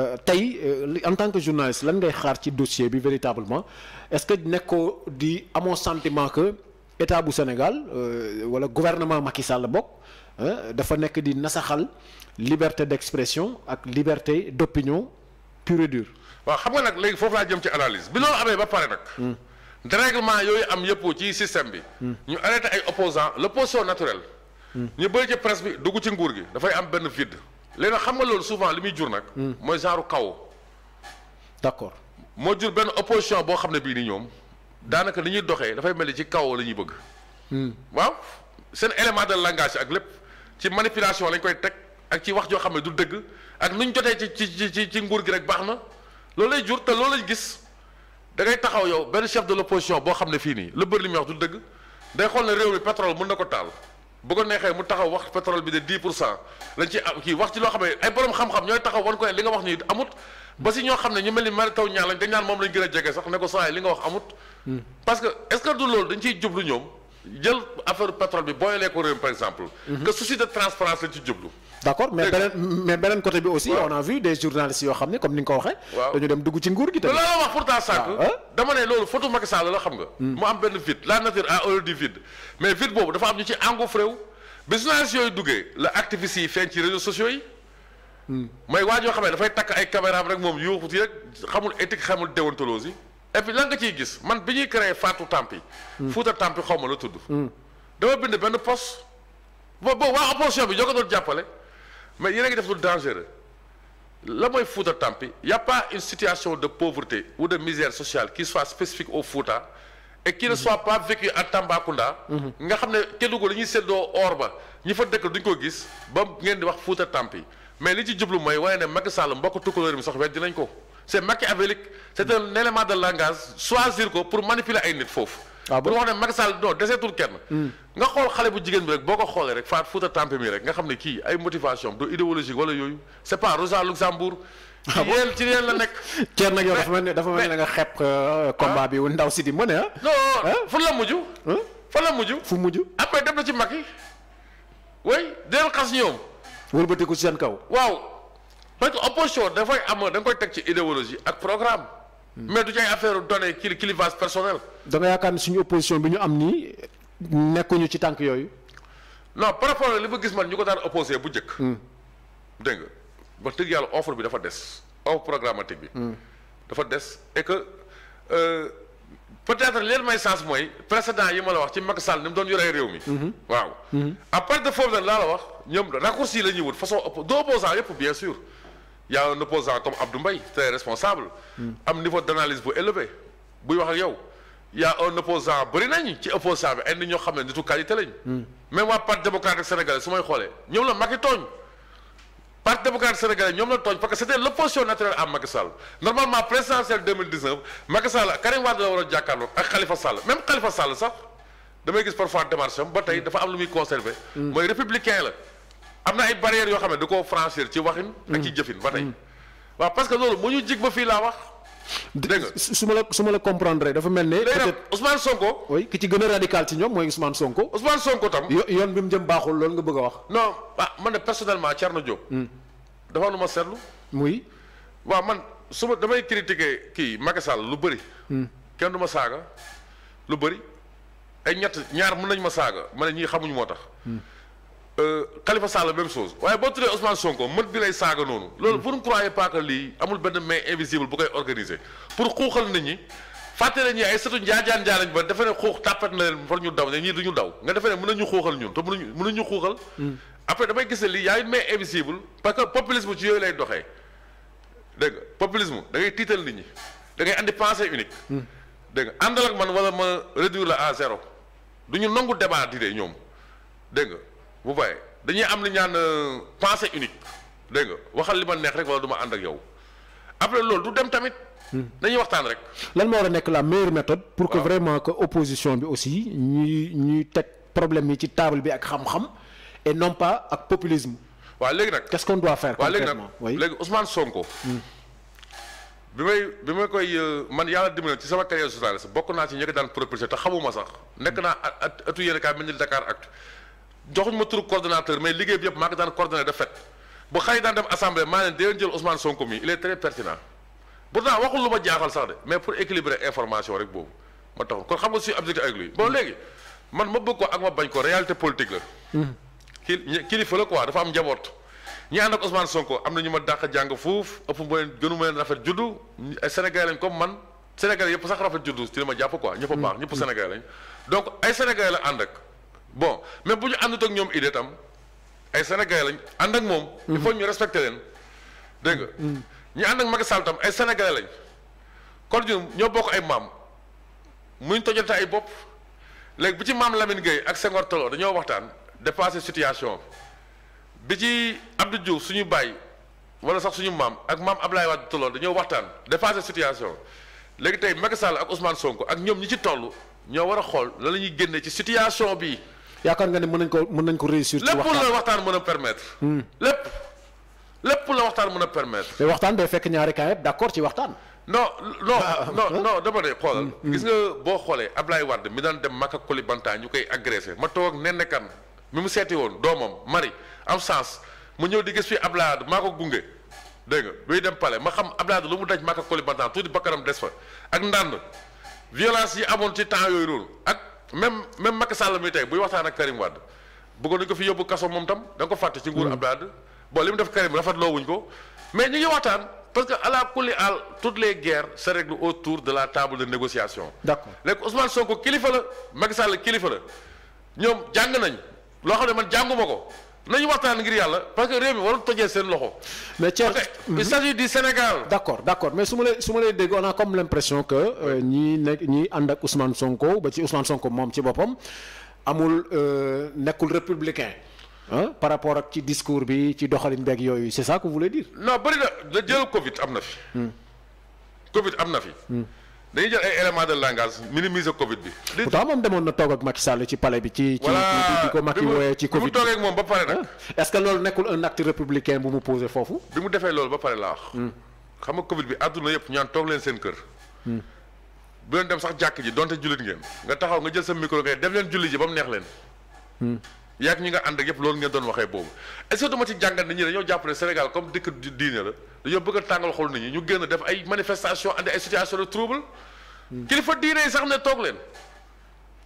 Euh, tey euh, en tant que journaliste lan ngay xaar ci dossier bi véritablement est-ce que nekkoo di amoo sentiment que état bu Sénégal euh, wala gouvernement Macky Sall bokk dafa nekk di nasaxal liberté d'expression ak liberté d'opinion pure et dure. waa xam nga nag léegi foofu laa jëm ci analyse bi loolu amee ba pare nag. Hmm. dérèglement yooyu am yëpp ci système bi. Hmm. ñu arrêté ay opposants l'opposition naturelle. Hmm. ñu bëri ci presse bi dugg ci nguur gi dafay am benn vide. léegi xam nga loolu souvent li muy jur nag. Hmm. mooy genre kaw. d'accord moo jur benn opposition boo xam ne bii ni ñoom daanaka li ñuy doxee dafay mel ni ci kaw la ñuy bëgg. Hmm. waaw seen élément de langage ak lépp ci manipulation lañ koy teg ak ci wax joo xam ne du dëgg ak nu ñu jotee ci ci ci ci nguur gi rek baax na loolu lay jur te loolu lañ gis dangay taxaw yow benn chef de l'opposition boo xam ne fii nii lu bëri li muy wax du dëgg day xool ne réew mi pétrole na ko taal. bu ko neexee mu taxaw wax pétrole bi de 10 pour cent lañ ci am kii wax ci loo xam ay borom xam-xam ñooy taxaw wan ko li nga wax nii amut ba si ñoo xam ne ñu mel ni mari taw ñaar lañ gën a jege sax ne ko saa yi li nga wax amut. Hmm. parce que est du loolu dañ ciy jublu ñoom jël affaire pétrole bi booyalee ko réew par exemple. Hmm. que souci transparence lañ ci jublu. d'accord mais beneen mais beneen côté bi aussi. a vu des journalistes yoo xam ne comme ni nga ko waxee. dama ne loolu photo Macky Sall la xam nga. Hmm. mu am benn vide la nature a horreur du vide mais vide boobu dafa am ñu ci engouffré wu business yooyu duggee la activistes yi feeñ ci réseaux sociaux yi. mooy hmm. waa joo xam ne dafay takk ay caméra rek moom yuuxuti rek xamul éthique xamul déontologie et puis lan nga ciy gis man bi ñuy créé faatu Tampi. Hmm. Fouta Tampi xaw ma la tudd. dama bind benn poste boobu waa opposition bi ñoo ko doon jàppale mais yéen a def lu dangereux. la mooy Fouta Tampi y' a une situation de pauvreté ou de misère sociale qui soit spécifique au Fouta et qui ne mhm. soit pas vécue à Tambacounda. Mhm. nga xam ne Kédougou la ñuy seddoo or ba ñi fa dëkk duñ ko gis ba ngeen di wax Fouta Tampi mais li ci jublu mooy waaye ne Macky Sall mbokk tukkulóor mi sax weddi nañ ko c' est machiavélique c' est un élément de langage choisir ko pour manipuler ay nit foofu. waaw ah bu wax ne Macky Sall non deseetul kenn hmm. nga xool xale bu jigéen bi rek boo ko xoolee rek faat fuuta tampe mi rek nga xam ne kii ay motivation du idéologique wala yooyu c'est pas Rosa Luxembourg ah ci yéen ci yéen la nekk ceer nag yow dafa mel ne dafa mel ne nga xeeb euh, combat bi ndaw si di mën a ah? non fu la mujj fa la mujj fu mujj après dem na ci mag yi way deel xas ñoom wëlbatiku seen kaw waaw parce que opposition dafay am da nga koy teg ci idéologie ak programme mais du ci ay affaire données kii clivage personnel. da nga yaakaar ne suñu opposition bi ñu am nii nekkuñu ci tànk yooyu. non par rapport li ma gis man ñu ko daan opposé bu njëkk. Hmm. dégg nga tëgg yàlla offre bi dafa des offre programmatique bi. Hmm. dafa des et que euh, peut-être leen may sens mooy précédent yi ma la wax ci Macky Sall ni mu doon yoree réew mi. Hmm. waaw. à part de foofu nag laa la wax ñoom raccourci la ñuy wut façon oppo d'opposant yëpp bien sûr. yaa a un opposant comme Abdou mbay très responsable am niveau d'analyse bu élevé buy wax ak yow y a un opposant bëri nañ ci opposant bi ay nit ñoo xam ne nitu qualité lañ même waa parti démocratique sénégalais su may xoolee ñoom la Macky tooñ parti démocratique sénégalais ñoom la tooñ parce que c'était l'opposition naturelle à Macky Sall normalement présidentielle 2019 Macky Sall Karim Wade la war a jàkkaarloo ak Khalifa Sall même Khalifa Sall sax damay gis parfois démarche am ba tey dafa am lu muy conservé mm. mooy républicain la am na ay barrières yoo xam ne da koo franchir ci waxin. ak ci mm. jëfin ba tey. Mm. waaw parce que loolu mu ñu jig ba fii laa wax. dégg nga su ma la su ma la comprendre dafa mel ne. peut-être Ousmane Sonko. oui ki ci gën a radical ci ñoom mooy Ousmane Sonko. Ousmane Sonko tam. yoon bi mu jëm baaxul loolu nga bëgg a wax. non ah man de personnellement Thierno Diop. Mm. dafa am lu ma seetlu. muy. waaw man su ma damay critiquer kii Macky lu bari kenn du ma saaga lu bari ay ñett ñaar mën nañu ma saaga ma ne ñii xamuñu moo tax. Euh, Khalifa Sall même chose waaye boo tuddee Ousmane Sonko mët bi lay saaga noonu. loolu vous ne croyez pas que lii amul benn main invisible bu koy organiser pour xuuxal nit ñi fàtte leen ñi ay sëtu njaajaan njaalañ ba defe ne xuux tàppat na leen far ñu daw ne ñii du ñu daw nga defe ne mën nañu xuuxal ñun te mënuñu mënuñu xuuxal. Hmm. après damay gis ne lii yaa mais main invisible parce que populisme ci yooyu lay doxee dégg nga populisme da ngay tiital nit ñi da ngay andi pensée unique. Hmm. dégg nga àndal ak man wala ma réduire la à zéro du ñu nangu débat di de ñoom dégg nga vous dañuy am lu ñaan euh, pensée unique dégg waxal li ma neex rek wala du ma ànd ak yow après loolu du dem tamit. dañuy hmm. waxtaan rek. lan moo war nekk la meilleure méthode. pour vraiment que opposition bi aussi ñuy ñuy teg problème yi ci table bi ak xam-xam et ak populisme. waaw léegi nag qu'est-ce qu'on doit faire. concrètement waaw léegi nag léegi Ousmane Sonko. Hmm. bi may bi ma koy euh, man yàlla dimbali ci sama carrière journaliste bokk naa si ñi ko daan proposé te xamuma sax nekk naa at atu yéen a kaay mel ni Actu joxuñ ma turu coordonnateur mais liggéey bi yëpp maa ngi daan coordonné de fait ba xëy daan dem assemblée maa leen dee jël Ousmane Sonko mi il est très pertinent pourtant waxul lu ma jaaxal sax de mais pour équilibrer information rek boobu ma taxoon kon xam nga suñu objectif ak lui bon mm-hmm. léegi man ma bëgg ko ak ma bañ ko réalité politique la. Mm-hmm. kii kilifa la ko waa dafa am njaboot. ñi ànd ak Ousmane Sonko am na ñu ma dàq jàng fuuf ëpp ma leen gënu ma leen rafet juddu ay sénégalais comme man sénégalais yëpp sax rafet juddu ci li ma jàpp quoi. ñëpp a ñëpp sénégalais lañ ay sénégalais la ànd ak. bon mais bu ñu àndut ak ñoom idée tam ay sénégalais lañ ànd ak moom. il faut ñu respecter leen dégg nga. Mm-hmm. ànd ak Macky Sall tam ay sénégalais lañ kon ñun ñoo bokk ay maam muñ tojante ay bopp léegi bi ci maam Lamine Gueye ak Senghor Tolo dañoo waxtaan dépassé situation bi ci Abdou Diouf suñu bàyyi wala sax suñu maam ak maam ab Ablaye Wade Tolo dañoo waxtaan dépassé situation léegi tey Macky Sall ak Ousmane Sonko ak ñoom ñi ci toll ñoo war a xool la la ñuy génne ci situation bi. yaakaar nga ne mën nañ ko mën nañ ko réussir. ci waxtaan lépp la waxtaan mën a permettre. Hmm. lépp lépp la waxtaan mën a permettre. mais waxtaan day fekk ñaari camp yëpp d' accord ci waxtaan. non non ah, ah. non non dama de xoolal. Hmm, hmm. gis nga boo xoolee Ablaye Wade mi daan dem Maka Kolibantang ñu koy agressé ma toog nenn kan mi mu seeti woon doomam mari am sens mu ñëw di gis fi Ablaye Wade maa ko gunge dégg nga buy dem pale ma xam Ablaye lu mu daj Maka Kolibantang tuuti bakkanam des fa ak ndànd violence yi amoon ci temps yooyu même même Macky Sall mi tey buy waxtaan ak Karim Wade bëggoon nañu ko fi yóbbu kaso moom tam da nga ko fàtte ci nguur mm. Abdoulaye Wade bon li mu def Karim rafetloo wuñ ko mais ñu ngi waxtaan parce que à la kulli àll toutes les guerres se règlent autour de la table de négociation. d'accord léegi Ousmane Sonko kilifa la Macky Sall kilifa la ñoom jàng nañ loo xam ne man jànguma ko. nañu waxtaan ngir yàlla parce que réew mi warul tojee seen loxo. mais Thierno il s'agit du Sénégal. d' accord mais su ma lay su ma lay dégg on a comme l' impression que euh, ñi nekk ñi ànd ak Ousmane Sonko ba ci Ousmane Sonko moom ci boppam amul euh, nekkul républicain. Hein? par rapport ak ci discours bi ci doxalin beeg yooyu c' est ça que vous voulez dire. non bëri na da jël Covid am na fi. Hmm. Covid am na fi. Hmm. dañuy jël ay éléments de langage minimiser Covid bi. li pourtant moom demoon na toog ak Macky Sall ci palais bi. ci ci bi ko Macky wooyee ci Covid bi mu moom ba pare nag. Ah. est-ce que loolu nekkul un acte républicain bu mu posé mu defee loolu ba pare laa wax. Hmm. xam nga Covid bi àdduna yëpp ñaan toog leen seen kër. Hmm. bu leen dem sax jàkk ji donte jullit ngeen nga taxaw nga jël sa micro ngay def leen julli ji ba mu neex leen. Hmm. yaag ñi nga ànd ak yëpp loolu ngeen doon waxee boobu est-ce que duma ci jàngat nit ñi dañoo jàpp ne Sénégal comme dëkk diine la. dañoo bëgg a tàngal xol nit ñi ñu génn def ay manifestation andi ay situation de trouble kilifa diine yi sax ne toog leen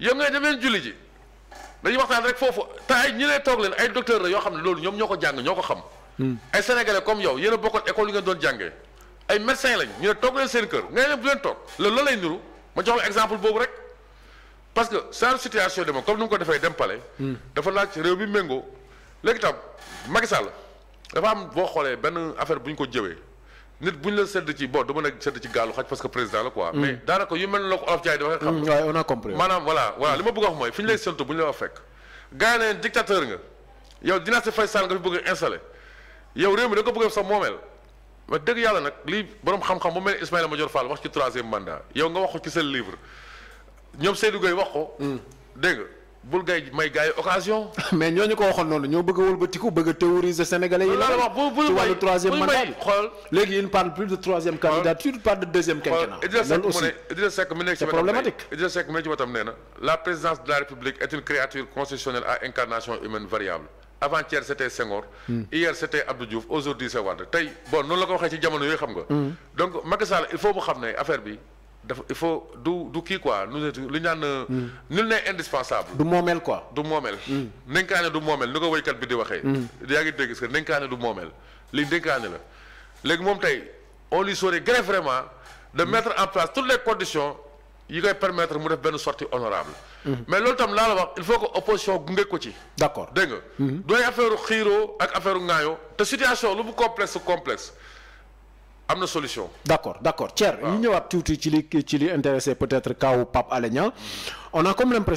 yow ngay dem leen julli ji dañuy waxtaan rek foofu te ay ñi lay toog leen ay docteur la yoo xam ne loolu ñoom ñoo ko jàng ñoo ko xam ay sénégalais comme yow yéen a bokkoon école yi ngeen doon jàngee ay médecin lañ ñu ne toog leen seen kër ngay dem bu leen toog la loolu lay nuru ma jox la exemple boobu rek parce que sans situation de comme ni mu ko defee dem palais hmm. dafa laaj réew mi méngoo léegi tam Macky Sall dafa am boo xoolee benn affaire bu ñu ko jëwee nit bu ñu la sedd ci boo du mën a sedd ci gaalu xaj parce que président la quoi. Mm. mais daanaka yu mel ne ko olof jaay di waxee. xam mm, nga a compris. a wax mooy fi ñu lay séntu bu ñu la wax fekk. yow bëgg a yow réew mi da ko bëgg a sax moomeel ma dëgg yàlla nag lii borom xam-xam bu mel ma Madior Fall wax ci troisième mandat yow nga wax ko ci seen livre ñoom Seydou Gueye wax ko. Mm. dégg bul ngay may gars yi occasion. mais ñooñu ko waxoon noonu ñoo bëgg a wëlbatiku bëgg a théoriser sénégalais yi. la wax bu bul may ci wàllu troisième mandat bi xool. léegi il ne parle plus de troisième candidature il parle de deuxième quinquennat. loolu aussi Idrissa Seck mu nekk ci problématique. Idrissa Seck mu nekk ci wetam nee na. la présidence de la République est une créature constitutionnelle à incarnation humaine variable. avant-hier c'était Senghor. Hmm. hier c'était Abdou Diouf aujourd'hui c'est Wade tey bon noonu la ko waxee ci jamono yooyu xam nga. Hmm. donc Macky Sall il faut mu xam ne affaire bi. dafa il faut du du kii quoi lu ñu naan. Euh, mm. nul n'est indispensable. du moomeel quoi. du moomeel. Mm. ndénkaane du moomeel ni ko woykat bi di waxee. Mm. yaa ngi dégg est-ce que du moomeel li ndénkaane la léegi moom tey on lui saurait gré vraiment de mettre en place toutes les conditions yi koy permettre mu def benn sortie honorable mais loolu tam laa la wax il faut que opposition gunge ko ci. d'accord dégg nga. Mm-hmm. dooy affaire xiiroo ak affaire ŋaayoo te situation lu mu complexe complexe. am na solution. d' accord d' accord ci li intéressé peut-être kaw Pape Alé mm. on a comme l'impression